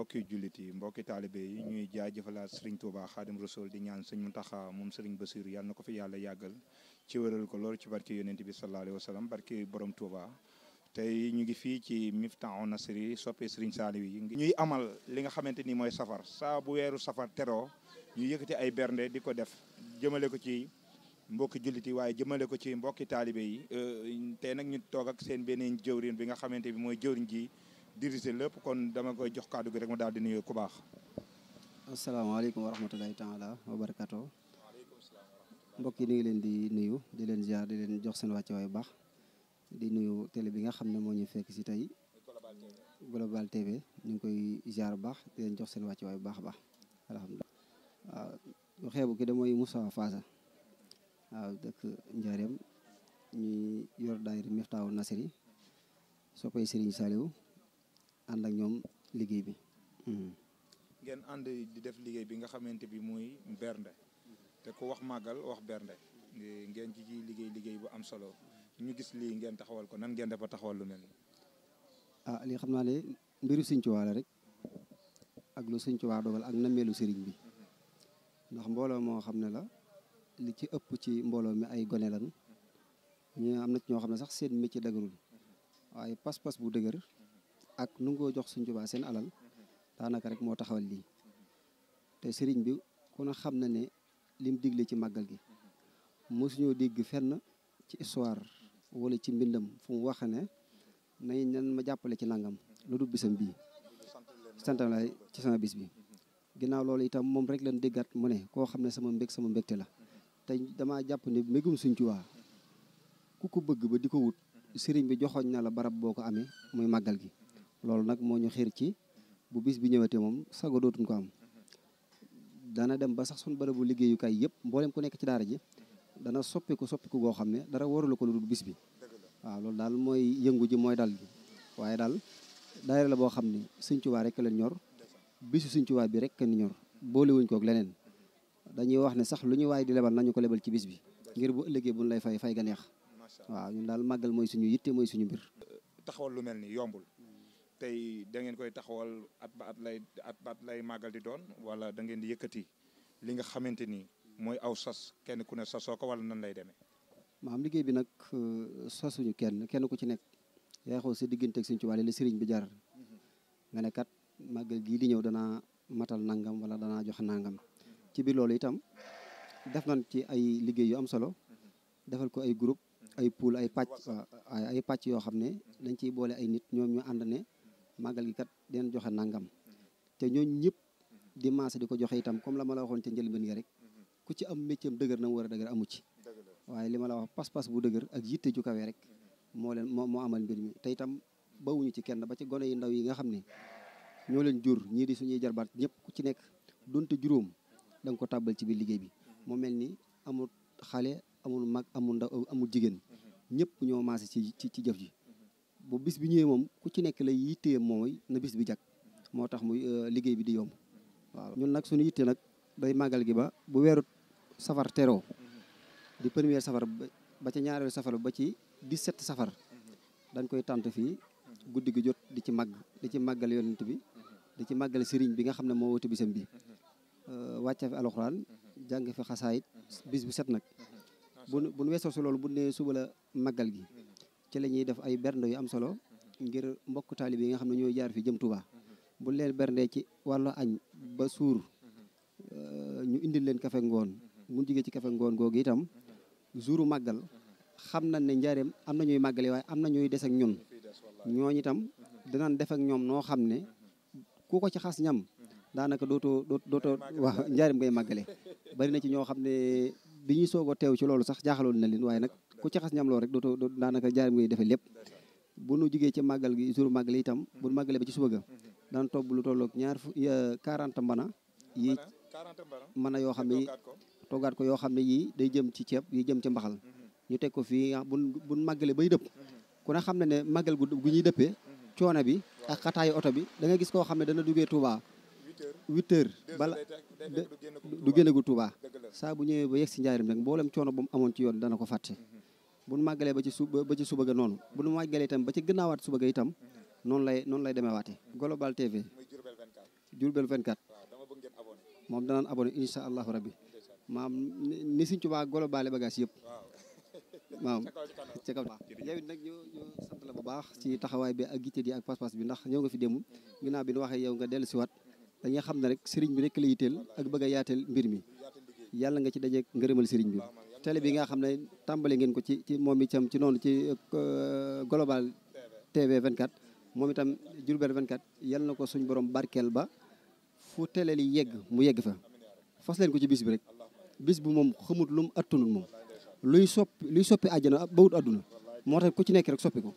mbokki jullit yi mbokki taalibe yi ñuy jaajëfalaat sëriñ Touba Xaadim Rasul di ñaan sëñ Muntaxa moom sëriñ Basiir yàlla na ko fi yàlla yàggal ci wéral ko lool ci barke yonent bi sallallahu alayhi wa sallam barke borom Touba tey ñu ngi fii ci on Miftahoul Nasri soppee sëriñ Saaliw yi ñuy amal li nga xamante ni mooy safar saa bu weeru safar teroo ñu yëkkati ay bernde di ko def jëmale ko ci mbokki jullit yi waaye jëmale ko ci mbokki taalibe yi euh, tey nag ñu toog ak seen beneen jëwrin bi nga xamante bi mooy jëwrin ji diriger lépp kon dama koy jox kàddu gi rek ma daal di nuyu ku baax. asalaamaaleykum wa rahmatulahi taala wa barakato. mbokk yi ñu ngi leen di nuyu di leen ziar di leen jox seen wàcce waay baax di nuyu télé bi nga xam ne moo ñu fekk si tey Global ñu ngi koy ziar bu leen jox seen wàcce waay bu baax baax alhamdulilah. waaw xeebu ki de mooy Moussa Faasa waaw dëkk Njaareem ñuy yor daayira Miftaawu Nasri soppay Serigne Saliou ànd ak ñoom liggéey bi. Hmm. ngeen ànd di def liggéey bi nga xamante bi mooy bernde te ku wax màggal wax bernde ngeen ci liggéey liggéey bu am solo ñu gis lii ngeen taxawal ko nan ngeen dafa taxawal lu mel ni ah lii xam naa ne mbiru Sëñ Tuubaa la rek ak lu Sëñ Tuubaa dogal ak nammeelu sëriñ bi ndax mbooloo moo xam ne la li ci ëpp ci mbooloo mi ay gone lan ñu am na ñoo xam ne sax seen métier dëgërul waaye pas-pas bu dëgër ak nungoo jox Sëriñ seen alal daanaka rek moo taxawal lii te sëriñ bi ku ne xam na ne lim digle ci màggal gi mosuñoo dégg fenn ci histoire wala ci mbindam fu mu wax ne nañ nan ma jàppale ci nangam lu du bisam bii santam la ci sama bis bi ginnaaw loolu itam moom rek lan déggat mu ne koo xam ne sama mbég sama mbégte la te damaa jàpp ne mbegum Sëriñ ku ko bëgg ba di ko wut sëriñ bi joxoñ na la barab boo ko amee muy màggal gi loolu nak moo ñu ci bu bis bi ñëwatee mom sago dootun ko am dana dem ba sax barabu bërëbu kay yëpp mbolem ku nekk ci daara ji dana ko soppi ko go ne dara warul ko lu bis bi wa loolu dal moy yëngu ji moy dal waye dal daayira la bo rek la ñor bisu Sëñ Tuubaa bi rek kan ñor ko ak leneen dañuy wax ne sax lu ñu di lebal nañu ko lebal ci bis bi ngir bu bu lay fay fay ga neex wa ñun dal magal moy suñu yitté moy suñu bir taxawal lu melni ni yombul tey da ngeen koy taxawal at ba at lay at lay màggal di doon wala da ngeen di yëkkati li nga xamante ni mooy aw sos kenn ku ne sasoo ko wala nan lay demee. am liggéey bi nag euh, sosuñu kenn kenn ku ci nekk. yaa xool sa diggante ak Sëriñ Tuubaa la sëriñ bi jar mm-hmm. nga ne kat màggal gii di ñëw danaa matal nangam wala danaa jox nangam ci biir loolu itam def nañ ci ay liggéey yu am solo mm-hmm. defal ko ay groupe ay pool ay pàcc pàcc yoo xam ne mm-hmm. dañ ciy boole ay nit ñoom ñu ànd ne màggal gi kat den joxe nangam te ñooñu ñëpp di maase di ko joxe itam comme la ma la waxoon ca njëlbeen gi rek ku ci am métier dëgër na mu war a dëgër amu ci waaye li ma la wax pas-pas bu dëgër ak yitte ju kawe rek moo leen moo moo amal mbir mi te itam bawuñu ci kenn ba ci gone yi ndaw yi nga xam ne ñoo leen jur ñii di suñuy jarbaat ñëpp ku ci nekk donte juróom danga ko tàbbal ci biir liggéey bi moo mel ni amul xale amul mag amul ndaw amul jigéen ñëpp ñoo ci jëf ji bu bis bi ñëwee moom ku ci nekk la yittee mooy na bis bi jag moo tax muy euh, liggéey bi di yomb waaw ñun nag suñu yitte nag day màggal gi ba bu weeru safar tero di première safar ba ci ñaareelu safar ba ci 17 safar dañ koy tànt fii guddi gi jot di ci màgg di ci màggal yonent bi di ci màggal sëriñ bi nga xam ne moo woote bisam bi euh, wàcce fi alxuraan jàng fi xasaayit bis bu set nag bu bu weesoo si loolu bu nee suba la màggal gi ci la ñuy def ay bernde yu am solo ngir mbokk taalibe nga xam ne ñooy jaar fi jëm Touba bu leen bernde ci wàllu añ ba suur euh, ñu indil leen kafe ngoon mu jigee ci kafe ngoon googu itam jouru màggal xam na ne njaareem am na ñuy màggale waaye am na ñuy des ak ñun ñooñu itam dinañ def ak ñoom noo xam ne ku ko ci xas ñam daanaka dootoo dootoo waaw njaareem ngay màggale bari na ci ñoo xam ne bi ñuy soog teew ci loolu sax jaaxaloon na leen waaye nag ku ci xas ñamloo rek dootoo daanaka jaaram ngay defee lépp bu nu jugee ci màggal gi jour màggal itam bu nu màggalee ba ci suba ga daan tobb lu tolloog ñaar fu quarante mbana yi mën a yoo xam ne toggaat yoo xam ne yii day jëm ci ceeb yi jëm ci mbaxal ñu teg ko fii buñ ah, buñ màggalee bay dëpp ku ne xam ne ne màggal gu gu ñuy dëppee coono bi ak xataayu oto bi da gis koo xam ne dana duggee Touba huit heures bala du génne saa bu ñëwee ba yegg si njaarim rek mboolem coono bu mu amoon ci yoon dana ko fàtte mhm. bu nu màggalee ba ci su ba ci suba ga noonu bu nu màggalee itam ba ci gënaawaat suba ga itam noonu lay noonu lay demee waatee Global TV Diourbel 24 moom danaan abonné incha allahu rabbi maam ni suñ golo globale bagage yëpp maam ca kaw yow it nag ñu ñu la bu baax ci taxawaay bi ak yitte yi ak pas-pas bi ndax ñëw nga fi démb ginnaaw bi nu waxee yow nga dellu siwaat dañuy xam ne rek sëriñ bi rek la yitteel ak bëgg a yaateel mbir mi yàlla nga ci dajeek ngërëmal sëriñ bi télé bi nga xam ne tàmbali ngeen ko ci ci moom itam ci noonu ci euh, global TV 24 moom itam Diourbel 24 yal na ko suñ borom barkeel ba fu télé li yegg mu yegg fa fas leen ko ci bis bi rek bis bi moom xamut lu mu attunul moom luy soppi luy soppi àjjana bawut àdduna moo tax ku ci nekk rek soppi ko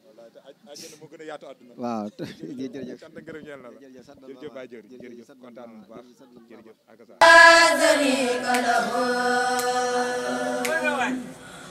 àjjana moo gën a yaatu àdduna waaw jërëjëf sant ngërëm ñeel na la jërëjëf baay jëri jërëjëf kontaan bu baax jërëjëf akasa